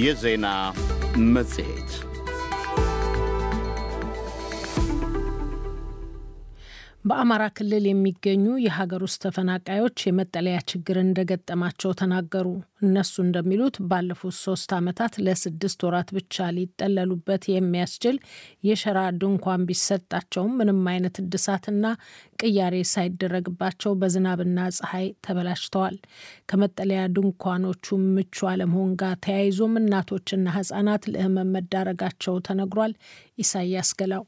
የዜና መጽሔት በአማራ ክልል የሚገኙ የሀገር ውስጥ ተፈናቃዮች የመጠለያ ችግር እንደገጠማቸው ተናገሩ። እነሱ እንደሚሉት ባለፉት ሶስት ዓመታት ለስድስት ወራት ብቻ ሊጠለሉበት የሚያስችል የሸራ ድንኳን ቢሰጣቸውም ምንም አይነት እድሳትና ቅያሬ ሳይደረግባቸው በዝናብና ፀሐይ ተበላሽተዋል። ከመጠለያ ድንኳኖቹ ምቹ አለመሆን ጋር ተያይዞም እናቶችና ህጻናት ለህመም መዳረጋቸው ተነግሯል። ኢሳያስ ገላው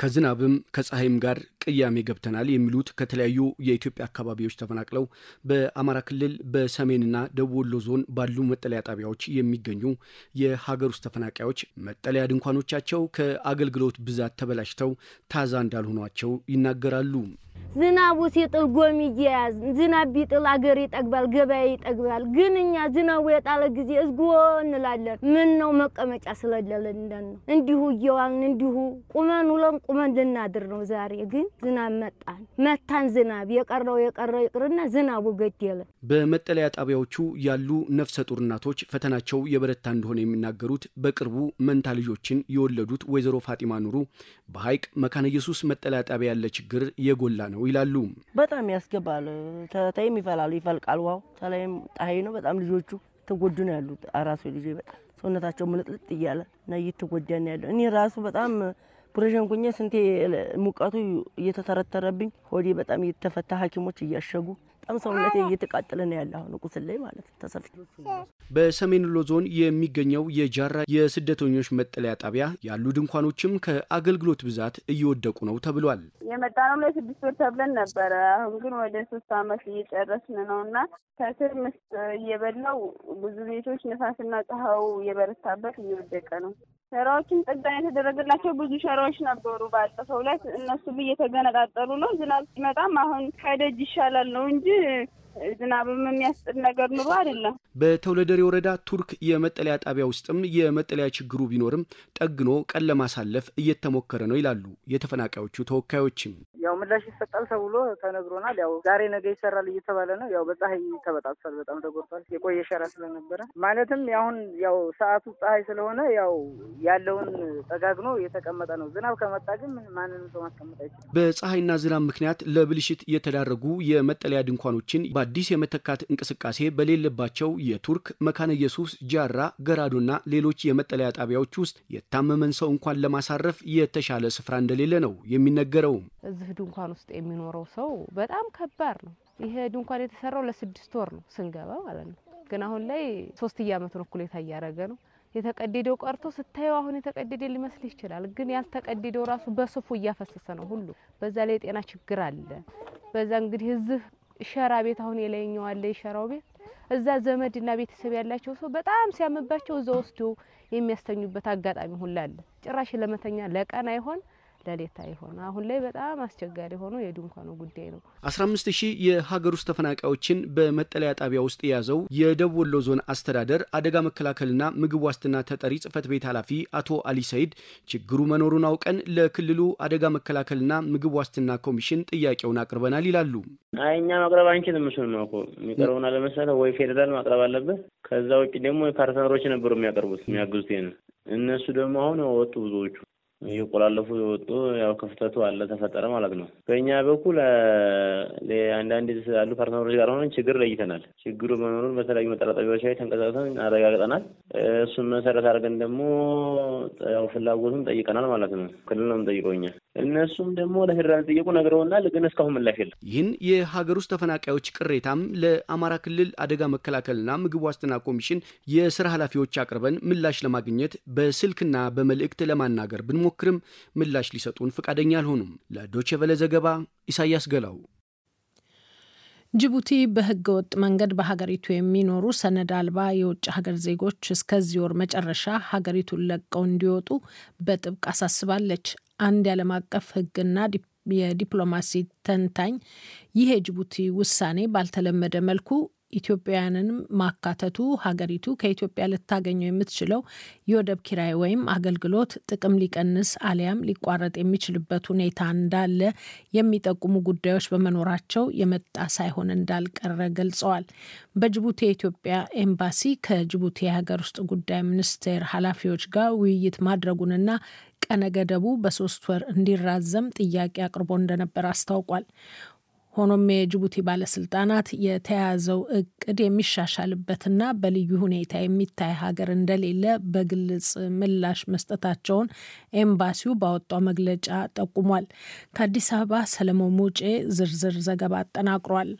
ከዝናብም ከፀሐይም ጋር ቅያሜ ገብተናል የሚሉት ከተለያዩ የኢትዮጵያ አካባቢዎች ተፈናቅለው በአማራ ክልል በሰሜንና ደቡብ ወሎ ዞን ባሉ መጠለያ ጣቢያዎች የሚገኙ የሀገር ውስጥ ተፈናቃዮች መጠለያ ድንኳኖቻቸው ከአገልግሎት ብዛት ተበላሽተው ታዛ እንዳልሆኗቸው ይናገራሉ። ዝናቡ ሲጥል ጎም እየያዝን ዝናብ ቢጥል አገር ይጠግባል፣ ገበያ ይጠግባል። ግን እኛ ዝናቡ የጣለ ጊዜ እዝግቦ እንላለን። ምን ነው መቀመጫ ስለሌለን እንዲሁ እየዋልን እንዲሁ ቁመን ውለን ቁመን ልናድር ነው። ዛሬ ግን ዝናብ መጣን መታን። ዝናብ የቀረው የቀረው ይቅርና ዝናቡ ገደለን። በመጠለያ ጣቢያዎቹ ያሉ ነፍሰ ጡር እናቶች ፈተናቸው የበረታ እንደሆነ የሚናገሩት በቅርቡ መንታ ልጆችን የወለዱት ወይዘሮ ፋጢማ ኑሩ በሐይቅ መካነ ኢየሱስ መጠለያ ጣቢያ ያለ ችግር የጎላ ነው ነው ይላሉ። በጣም ያስገባል። ተተይም ይፈላሉ፣ ይፈልቃል። ዋው ተለይም ጣሄ ነው። በጣም ልጆቹ ተጎዱ ነው ያሉት። አራሱ ልጅ በጣም ሰውነታቸው ምልጥልጥ እያለ እና እየተጎዳ ነው ያለው። እኔ ራሱ በጣም ፕሬሽንኩኛ ስንቴ ሙቀቱ እየተተረተረብኝ ሆዴ በጣም እየተፈታ ሐኪሞች እያሸጉ በጣም ሰውነቴ እየተቃጠለ ነው ያለ አሁን ቁስል ላይ ማለት ተሰርቶ። በሰሜን ወሎ ዞን የሚገኘው የጃራ የስደተኞች መጠለያ ጣቢያ ያሉ ድንኳኖችም ከአገልግሎት ብዛት እየወደቁ ነው ተብሏል። የመጣ ነው ለስድስት ወር ተብለን ነበረ። አሁን ግን ወደ ሶስት አመት እየጨረስን ነው እና ከስር ምስጥ እየበላው ብዙ ቤቶች ንፋስና ፀሐዩ እየበረታበት እየወደቀ ነው። ሸራዎችን ጥገና የተደረገላቸው ብዙ ሸራዎች ነበሩ ባለፈው ዕለት እነሱ እየተገነጣጠሉ ነው። ዝናብ ሲመጣም አሁን ከደጅ ይሻላል ነው እንጂ ዝናብም የሚያስጥል ነገር ኑሮ አይደለም። በተውለደሬ ወረዳ ቱርክ የመጠለያ ጣቢያ ውስጥም የመጠለያ ችግሩ ቢኖርም ጠግኖ ቀን ለማሳለፍ እየተሞከረ ነው ይላሉ የተፈናቃዮቹ ተወካዮችም። ያው ምላሽ ይሰጣል ተብሎ ተነግሮናል። ያው ዛሬ ነገ ይሰራል እየተባለ ነው። ያው በፀሐይ ተበጣጥሷል፣ በጣም ተጎድቷል። የቆየ ሸራ ስለነበረ ማለትም ያሁን ያው ሰዓቱ ፀሐይ ስለሆነ ያው ያለውን ጠጋግኖ የተቀመጠ ነው። ዝናብ ከመጣ ግን ማንንም ሰው ማስቀመጥ አይችልም። በፀሐይና ዝናብ ምክንያት ለብልሽት የተዳረጉ የመጠለያ ድንኳኖችን በአዲስ የመተካት እንቅስቃሴ በሌለባቸው የቱርክ መካነ ኢየሱስ፣ ጃራ፣ ገራዶና ሌሎች የመጠለያ ጣቢያዎች ውስጥ የታመመን ሰው እንኳን ለማሳረፍ የተሻለ ስፍራ እንደሌለ ነው የሚነገረውም። እልፍ ድንኳን ውስጥ የሚኖረው ሰው በጣም ከባድ ነው። ይሄ ድንኳን የተሰራው ለስድስት ወር ነው ስንገባ ማለት ነው። ግን አሁን ላይ ሶስት እያመት ነው እኩሌታ እያደረገ ነው። የተቀደደው ቀርቶ ስታየው አሁን የተቀደደ ሊመስል ይችላል። ግን ያልተቀደደው ራሱ በስፉ እያፈሰሰ ነው ሁሉ። በዛ ላይ የጤና ችግር አለ። በዛ እንግዲህ እዚህ ሸራ ቤት አሁን የላይኛው አለ የሸራው ቤት እዛ ዘመድና ቤተሰብ ያላቸው ሰው በጣም ሲያምባቸው እዛ ወስዶ የሚያስተኙበት አጋጣሚ ሁላ አለ። ጭራሽ ለመተኛ ለቀን አይሆን ለሌታ አይሆን አሁን ላይ በጣም አስቸጋሪ ሆኖ የድንኳኑ ጉዳይ ነው። አስራ አምስት ሺህ የሀገር ውስጥ ተፈናቃዮችን በመጠለያ ጣቢያ ውስጥ የያዘው የደቡብ ወሎ ዞን አስተዳደር አደጋ መከላከልና ምግብ ዋስትና ተጠሪ ጽህፈት ቤት ኃላፊ አቶ አሊ ሰይድ ችግሩ መኖሩን አውቀን ለክልሉ አደጋ መከላከልና ምግብ ዋስትና ኮሚሽን ጥያቄውን አቅርበናል ይላሉ። አይ እኛ ማቅረብ አንችልም። እሱን ነው እኮ የሚቀርበውን አለመሰለህ ወይ ፌዴራል ማቅረብ አለበት። ከዛ ውጭ ደግሞ ፓርትነሮች ነበሩ የሚያቀርቡት የሚያግዙት ነው። እነሱ ደግሞ አሁን ወጡ ብዙዎቹ እየቆላለፉ የወጡ ያው ክፍተቱ አለ ተፈጠረ ማለት ነው። በእኛ በኩል አንዳንድ ያሉ ፓርትነሮች ጋር ሆነን ችግር ለይተናል። ችግሩ መኖሩን በተለያዩ መጠራጠቢያዎች ላይ ተንቀሳቅሰን አረጋግጠናል። እሱን መሰረት አድርገን ደግሞ ያው ፍላጎቱን ጠይቀናል ማለት ነው። ክልል ነው የምንጠይቀው እኛ እነሱም ደግሞ ለፌዴራል ጠየቁ ነግረውናል፣ ግን እስካሁን ምላሽ የለም። ይህን የሀገር ውስጥ ተፈናቃዮች ቅሬታም ለአማራ ክልል አደጋ መከላከልና ምግብ ዋስትና ኮሚሽን የስራ ኃላፊዎች አቅርበን ምላሽ ለማግኘት በስልክና በመልእክት ለማናገር ብንሞክርም ምላሽ ሊሰጡን ፈቃደኛ አልሆኑም። ለዶቼ ቬለ ዘገባ ኢሳያስ ገላው። ጅቡቲ በህገ ወጥ መንገድ በሀገሪቱ የሚኖሩ ሰነድ አልባ የውጭ ሀገር ዜጎች እስከዚህ ወር መጨረሻ ሀገሪቱን ለቀው እንዲወጡ በጥብቅ አሳስባለች። አንድ የዓለም አቀፍ ሕግና የዲፕሎማሲ ተንታኝ ይህ የጅቡቲ ውሳኔ ባልተለመደ መልኩ ኢትዮጵያውያንንም ማካተቱ ሀገሪቱ ከኢትዮጵያ ልታገኘው የምትችለው የወደብ ኪራይ ወይም አገልግሎት ጥቅም ሊቀንስ አሊያም ሊቋረጥ የሚችልበት ሁኔታ እንዳለ የሚጠቁሙ ጉዳዮች በመኖራቸው የመጣ ሳይሆን እንዳልቀረ ገልጸዋል። በጅቡቲ የኢትዮጵያ ኤምባሲ ከጅቡቲ የሀገር ውስጥ ጉዳይ ሚኒስቴር ኃላፊዎች ጋር ውይይት ማድረጉንና ቀነ ገደቡ በሶስት ወር እንዲራዘም ጥያቄ አቅርቦ እንደነበር አስታውቋል። ሆኖም የጅቡቲ ባለስልጣናት የተያዘው እቅድ የሚሻሻልበትና በልዩ ሁኔታ የሚታይ ሀገር እንደሌለ በግልጽ ምላሽ መስጠታቸውን ኤምባሲው ባወጣው መግለጫ ጠቁሟል። ከአዲስ አበባ ሰለሞን ሙጬ ዝርዝር ዘገባ አጠናቅሯል።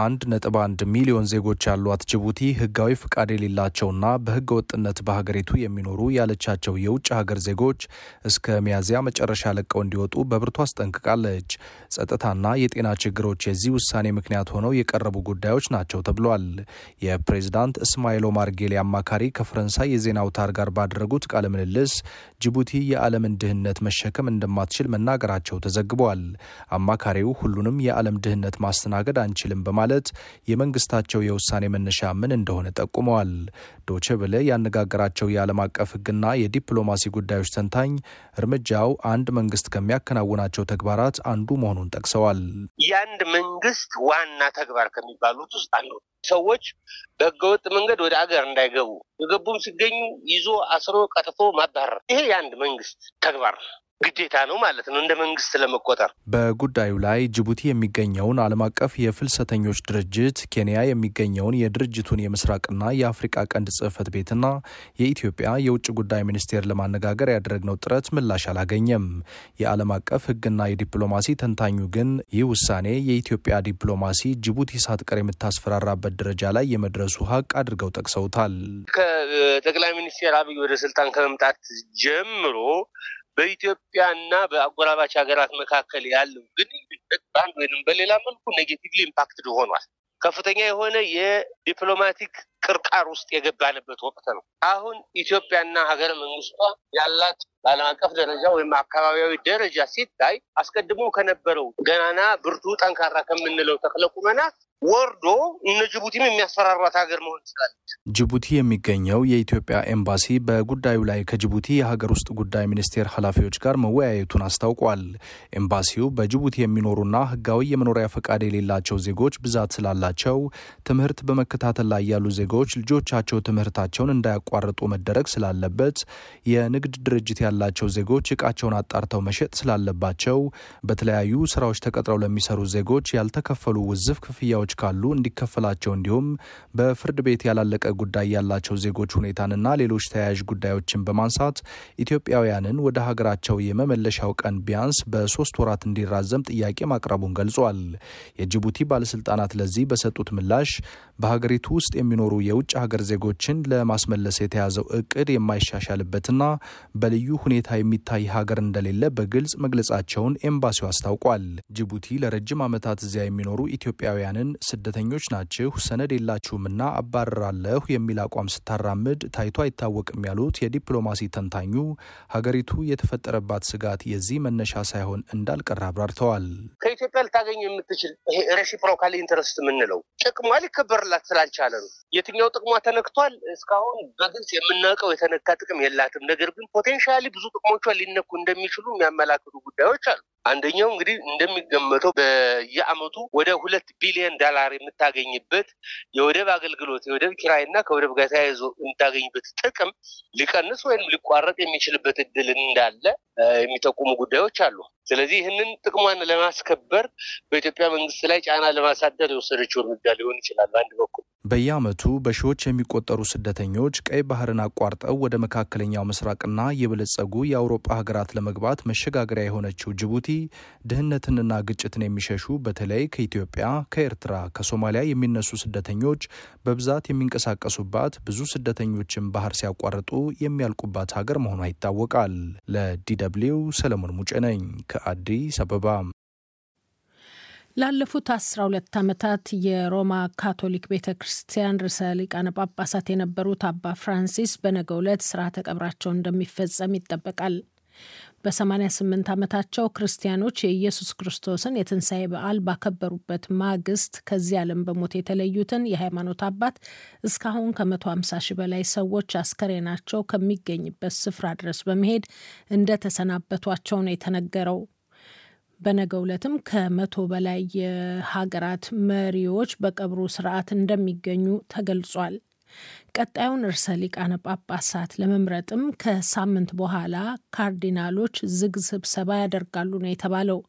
አንድ ነጥብ አንድ ሚሊዮን ዜጎች ያሏት ጅቡቲ ህጋዊ ፍቃድ የሌላቸውና በህገ ወጥነት በሀገሪቱ የሚኖሩ ያለቻቸው የውጭ ሀገር ዜጎች እስከ ሚያዝያ መጨረሻ ለቀው እንዲወጡ በብርቱ አስጠንቅቃለች። ጸጥታና የጤና ችግሮች የዚህ ውሳኔ ምክንያት ሆነው የቀረቡ ጉዳዮች ናቸው ተብሏል። የፕሬዝዳንት እስማኤል ኦማር ጌሌ አማካሪ ከፈረንሳይ የዜና አውታር ጋር ባደረጉት ቃለ ምልልስ ጅቡቲ የዓለምን ድህነት መሸከም እንደማትችል መናገራቸው ተዘግቧል። አማካሪው ሁሉንም የዓለም ድህነት ማስተናገድ አንችልም በማ በማለት የመንግስታቸው የውሳኔ መነሻ ምን እንደሆነ ጠቁመዋል። ዶቼ ቬለ ያነጋገራቸው የዓለም አቀፍ ሕግና የዲፕሎማሲ ጉዳዮች ተንታኝ እርምጃው አንድ መንግስት ከሚያከናውናቸው ተግባራት አንዱ መሆኑን ጠቅሰዋል። የአንድ መንግስት ዋና ተግባር ከሚባሉት ውስጥ አንዱ ሰዎች በህገወጥ መንገድ ወደ አገር እንዳይገቡ የገቡም ሲገኙ ይዞ አስሮ ቀጥፎ ማባረር ይሄ የአንድ መንግስት ተግባር ግዴታ ነው ማለት ነው፣ እንደ መንግስት ለመቆጠር። በጉዳዩ ላይ ጅቡቲ የሚገኘውን ዓለም አቀፍ የፍልሰተኞች ድርጅት፣ ኬንያ የሚገኘውን የድርጅቱን የምስራቅና የአፍሪቃ ቀንድ ጽህፈት ቤትና የኢትዮጵያ የውጭ ጉዳይ ሚኒስቴር ለማነጋገር ያደረግነው ጥረት ምላሽ አላገኘም። የዓለም አቀፍ ህግና የዲፕሎማሲ ተንታኙ ግን ይህ ውሳኔ የኢትዮጵያ ዲፕሎማሲ ጅቡቲ ሳትቀር የምታስፈራራበት ደረጃ ላይ የመድረሱ ሀቅ አድርገው ጠቅሰውታል። ከጠቅላይ ሚኒስትር አብይ ወደ ስልጣን ከመምጣት ጀምሮ በኢትዮጵያና በአጎራባች ሀገራት መካከል ያለው ግንኙነት በአንድ ወይም በሌላ መልኩ ኔጌቲቭሊ ኢምፓክትድ ሆኗል። ከፍተኛ የሆነ የዲፕሎማቲክ ቅርቃር ውስጥ የገባንበት ወቅት ነው። አሁን ኢትዮጵያና ሀገረ መንግስቷ ያላት በዓለም አቀፍ ደረጃ ወይም አካባቢያዊ ደረጃ ሲታይ አስቀድሞ ከነበረው ገናና ብርቱ ጠንካራ ከምንለው ተክለቁመና ወርዶ እነ ጅቡቲም የሚያስፈራሯት ሀገር መሆን ትችላለች። ጅቡቲ የሚገኘው የኢትዮጵያ ኤምባሲ በጉዳዩ ላይ ከጅቡቲ የሀገር ውስጥ ጉዳይ ሚኒስቴር ኃላፊዎች ጋር መወያየቱን አስታውቋል። ኤምባሲው በጅቡቲ የሚኖሩና ህጋዊ የመኖሪያ ፈቃድ የሌላቸው ዜጎች ብዛት ስላላቸው ትምህርት በመከታተል ላይ ያሉ ዜጎች ዜጎች ልጆቻቸው ትምህርታቸውን እንዳያቋርጡ መደረግ ስላለበት፣ የንግድ ድርጅት ያላቸው ዜጎች እቃቸውን አጣርተው መሸጥ ስላለባቸው፣ በተለያዩ ስራዎች ተቀጥረው ለሚሰሩ ዜጎች ያልተከፈሉ ውዝፍ ክፍያዎች ካሉ እንዲከፈላቸው፣ እንዲሁም በፍርድ ቤት ያላለቀ ጉዳይ ያላቸው ዜጎች ሁኔታንና ሌሎች ተያያዥ ጉዳዮችን በማንሳት ኢትዮጵያውያንን ወደ ሀገራቸው የመመለሻው ቀን ቢያንስ በሶስት ወራት እንዲራዘም ጥያቄ ማቅረቡን ገልጿል። የጅቡቲ ባለስልጣናት ለዚህ በሰጡት ምላሽ በሀገሪቱ ውስጥ የሚኖሩ የውጭ ሀገር ዜጎችን ለማስመለስ የተያዘው እቅድ የማይሻሻልበትና በልዩ ሁኔታ የሚታይ ሀገር እንደሌለ በግልጽ መግለጻቸውን ኤምባሲው አስታውቋል። ጅቡቲ ለረጅም ዓመታት እዚያ የሚኖሩ ኢትዮጵያውያንን ስደተኞች ናችሁ፣ ሰነድ የላችሁምና አባረራለሁ የሚል አቋም ስታራምድ ታይቶ አይታወቅም ያሉት የዲፕሎማሲ ተንታኙ ሀገሪቱ የተፈጠረባት ስጋት የዚህ መነሻ ሳይሆን እንዳልቀረ አብራርተዋል። ከኢትዮጵያ ልታገኝ የምትችል ይሄ ሬሲፕሮካል ኢንተረስት የምንለው ጥቅሟ ሊከበርላት ስላልቻለ ነው። የትኛው ጥቅሟ ተነክቷል? እስካሁን በግልጽ የምናውቀው የተነካ ጥቅም የላትም። ነገር ግን ፖቴንሻሊ ብዙ ጥቅሞቿ ሊነኩ እንደሚችሉ የሚያመላክቱ ጉዳዮች አሉ። አንደኛው እንግዲህ እንደሚገመተው በየአመቱ ወደ ሁለት ቢሊዮን ዳላር የምታገኝበት የወደብ አገልግሎት የወደብ ኪራይ እና ከወደብ ጋር ተያይዞ የምታገኝበት ጥቅም ሊቀንስ ወይም ሊቋረጥ የሚችልበት እድል እንዳለ የሚጠቁሙ ጉዳዮች አሉ። ስለዚህ ይህንን ጥቅሟን ለማስከበር በኢትዮጵያ መንግስት ላይ ጫና ለማሳደር የወሰደችው እርምጃ ሊሆን ይችላል። በአንድ በኩል በየአመቱ በሺዎች የሚቆጠሩ ስደተኞች ቀይ ባህርን አቋርጠው ወደ መካከለኛው ምስራቅና የበለጸጉ የአውሮፓ ሀገራት ለመግባት መሸጋገሪያ የሆነችው ጅቡቲ ድህነትንና ግጭትን የሚሸሹ በተለይ ከኢትዮጵያ፣ ከኤርትራ፣ ከሶማሊያ የሚነሱ ስደተኞች በብዛት የሚንቀሳቀሱባት ብዙ ስደተኞችን ባህር ሲያቋርጡ የሚያልቁባት ሀገር መሆኗ ይታወቃል። ለዲ ሰለሞን ሙጬ ነኝ። አዲስ አበባ። ላለፉት አስራ ሁለት ዓመታት የሮማ ካቶሊክ ቤተ ክርስቲያን ርዕሰ ሊቃነ ጳጳሳት የነበሩት አባ ፍራንሲስ በነገው ዕለት ስርዓተ ቀብራቸው እንደሚፈጸም ይጠበቃል። በ88 ዓመታቸው ክርስቲያኖች የኢየሱስ ክርስቶስን የትንሣኤ በዓል ባከበሩበት ማግስት ከዚህ ዓለም በሞት የተለዩትን የሃይማኖት አባት እስካሁን ከ150 ሺህ በላይ ሰዎች አስከሬናቸው ከሚገኝበት ስፍራ ድረስ በመሄድ እንደተሰናበቷቸው ነው የተነገረው። በነገ ውለትም ከመቶ በላይ የሀገራት መሪዎች በቀብሩ ስርዓት እንደሚገኙ ተገልጿል። ቀጣዩን እርሰ ሊቃነ ጳጳሳት ለመምረጥም ከሳምንት በኋላ ካርዲናሎች ዝግ ስብሰባ ያደርጋሉ ነው የተባለው።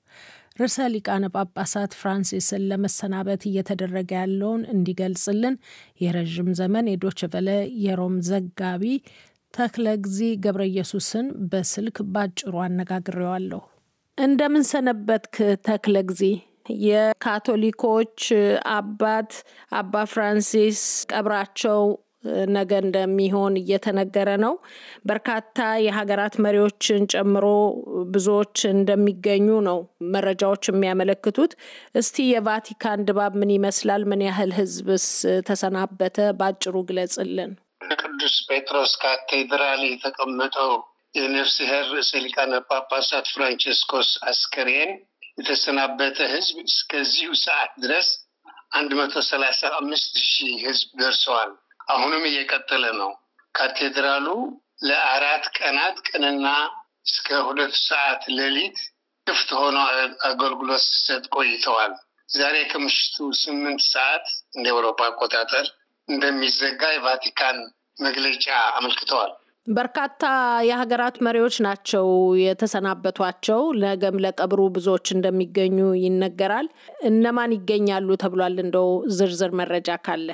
ርዕሰ ሊቃነ ጳጳሳት ፍራንሲስን ለመሰናበት እየተደረገ ያለውን እንዲገልጽልን የረዥም ዘመን የዶችቨለ የሮም ዘጋቢ ተክለ ጊዜ ገብረ ኢየሱስን በስልክ ባጭሩ አነጋግሬዋለሁ። እንደምን ሰነበትክ ተክለ ጊዜ? የካቶሊኮች አባት አባ ፍራንሲስ ቀብራቸው ነገ እንደሚሆን እየተነገረ ነው። በርካታ የሀገራት መሪዎችን ጨምሮ ብዙዎች እንደሚገኙ ነው መረጃዎች የሚያመለክቱት። እስቲ የቫቲካን ድባብ ምን ይመስላል? ምን ያህል ህዝብስ ተሰናበተ? በአጭሩ ግለጽልን። ቅዱስ ጴጥሮስ ካቴድራል የተቀመጠው የነፍስሔር ርዕሰ ሊቃነ ጳጳሳት ፍራንቸስኮስ አስከሬን የተሰናበተ ህዝብ እስከዚሁ ሰዓት ድረስ አንድ መቶ ሰላሳ አምስት ሺህ ህዝብ ደርሰዋል። አሁንም እየቀጠለ ነው። ካቴድራሉ ለአራት ቀናት ቀንና እስከ ሁለት ሰዓት ሌሊት ክፍት ሆኖ አገልግሎት ሲሰጥ ቆይተዋል። ዛሬ ከምሽቱ ስምንት ሰዓት እንደ አውሮፓ አቆጣጠር እንደሚዘጋ የቫቲካን መግለጫ አመልክተዋል። በርካታ የሀገራት መሪዎች ናቸው የተሰናበቷቸው። ነገም ለቀብሩ ብዙዎች እንደሚገኙ ይነገራል። እነማን ይገኛሉ ተብሏል? እንደው ዝርዝር መረጃ ካለ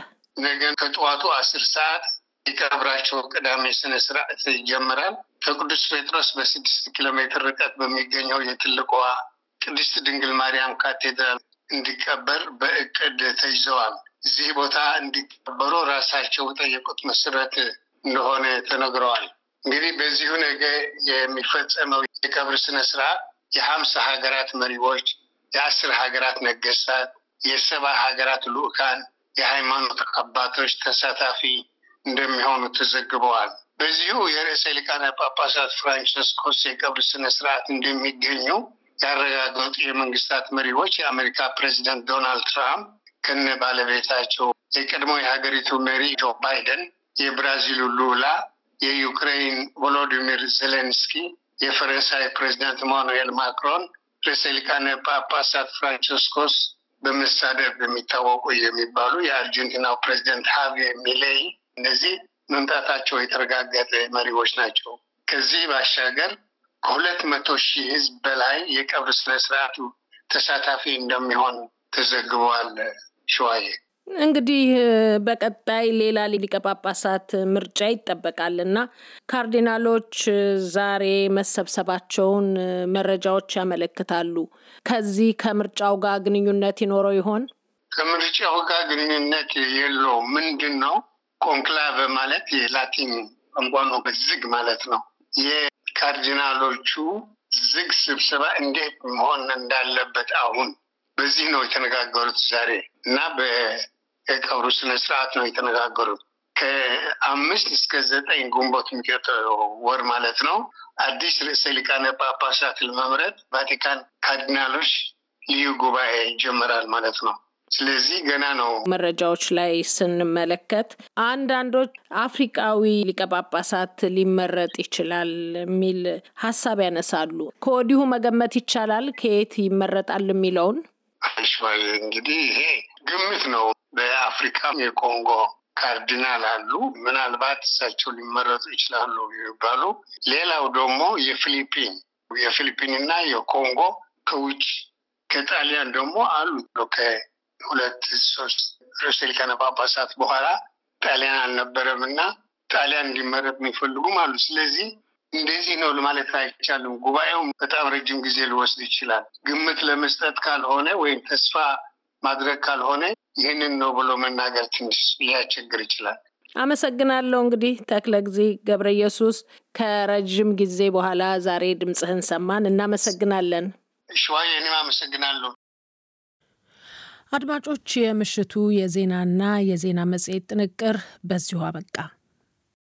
ነገ ከጠዋቱ አስር ሰዓት የቀብራቸው ቅዳሜ ስነ ስርዓት ይጀምራል። ከቅዱስ ጴጥሮስ በስድስት ኪሎ ሜትር ርቀት በሚገኘው የትልቋ ቅድስት ድንግል ማርያም ካቴድራል እንዲቀበር በእቅድ ተይዘዋል። እዚህ ቦታ እንዲቀበሩ ራሳቸው ጠየቁት መሰረት እንደሆነ ተነግረዋል። እንግዲህ በዚሁ ነገ የሚፈጸመው የቀብር ስርዓት የሀምሳ ሀገራት መሪዎች፣ የአስር ሀገራት ነገስታት፣ የሰባ ሀገራት ልኡካን፣ የሃይማኖት አባቶች ተሳታፊ እንደሚሆኑ ተዘግበዋል። በዚሁ የርዕሰ ሊቃነ ጳጳሳት ፍራንቸስኮስ የቀብር ስነ ስርዓት እንደሚገኙ ያረጋገጡ የመንግስታት መሪዎች የአሜሪካ ፕሬዚደንት ዶናልድ ትራምፕ ከነ ባለቤታቸው የቀድሞ የሀገሪቱ መሪ ጆ ባይደን የብራዚሉ ሉላ፣ የዩክሬን ቮሎዲሚር ዜሌንስኪ፣ የፈረንሳይ ፕሬዚዳንት ኢማኑኤል ማክሮን ርዕሰ ሊቃነ ጳጳሳት ፍራንቺስኮስ በመሳደብ የሚታወቁ የሚባሉ የአርጀንቲናው ፕሬዚደንት ሃቪየር ሚሌይ እነዚህ መምጣታቸው የተረጋገጠ መሪዎች ናቸው። ከዚህ ባሻገር ከሁለት መቶ ሺህ ህዝብ በላይ የቀብር ስነስርዓቱ ተሳታፊ እንደሚሆን ተዘግበዋል። ሸዋዬ እንግዲህ በቀጣይ ሌላ ሊቀ ጳጳሳት ምርጫ ይጠበቃል እና ካርዲናሎች ዛሬ መሰብሰባቸውን መረጃዎች ያመለክታሉ። ከዚህ ከምርጫው ጋር ግንኙነት ይኖረው ይሆን? ከምርጫው ጋር ግንኙነት የለው። ምንድን ነው ኮንክላቭ ማለት የላቲን ቋንቋ ነው፣ በዝግ ማለት ነው። የካርዲናሎቹ ዝግ ስብሰባ እንዴት መሆን እንዳለበት አሁን በዚህ ነው የተነጋገሩት ዛሬ እና የቀብሩ ስነስርዓት ነው የተነጋገሩት። ከአምስት እስከ ዘጠኝ ግንቦት የሚቀጥለው ወር ማለት ነው። አዲስ ርዕሰ ሊቃነ ጳጳሳት ለመምረጥ ቫቲካን ካርዲናሎች ልዩ ጉባኤ ይጀመራል ማለት ነው። ስለዚህ ገና ነው። መረጃዎች ላይ ስንመለከት አንዳንዶች አፍሪቃዊ ሊቀ ጳጳሳት ሊመረጥ ይችላል የሚል ሀሳብ ያነሳሉ። ከወዲሁ መገመት ይቻላል ከየት ይመረጣል የሚለውን አንሽማል እንግዲህ ይሄ ግምት ነው። በአፍሪካ የኮንጎ ካርዲናል አሉ። ምናልባት እሳቸው ሊመረጡ ይችላሉ የሚባሉ ሌላው ደግሞ የፊሊፒን የፊሊፒን እና የኮንጎ ከውጭ ከጣሊያን ደግሞ አሉ። ከሁለት ሶስት ርዕሰ ሊቃነ ጳጳሳት በኋላ ጣሊያን አልነበረም እና ጣሊያን እንዲመረጥ የሚፈልጉም አሉ። ስለዚህ እንደዚህ ነው ማለት አይቻልም። ጉባኤውም በጣም ረጅም ጊዜ ሊወስድ ይችላል። ግምት ለመስጠት ካልሆነ ወይም ተስፋ ማድረግ ካልሆነ ይህንን ነው ብሎ መናገር ትንሽ ሊያስቸግር ይችላል። አመሰግናለሁ። እንግዲህ ተክለ ጊዜ ገብረ ኢየሱስ ከረዥም ጊዜ በኋላ ዛሬ ድምፅህን ሰማን። እናመሰግናለን። ሸዋዬ፣ እኔም አመሰግናለሁ። አድማጮች፣ የምሽቱ የዜናና የዜና መጽሔት ጥንቅር በዚሁ አበቃ።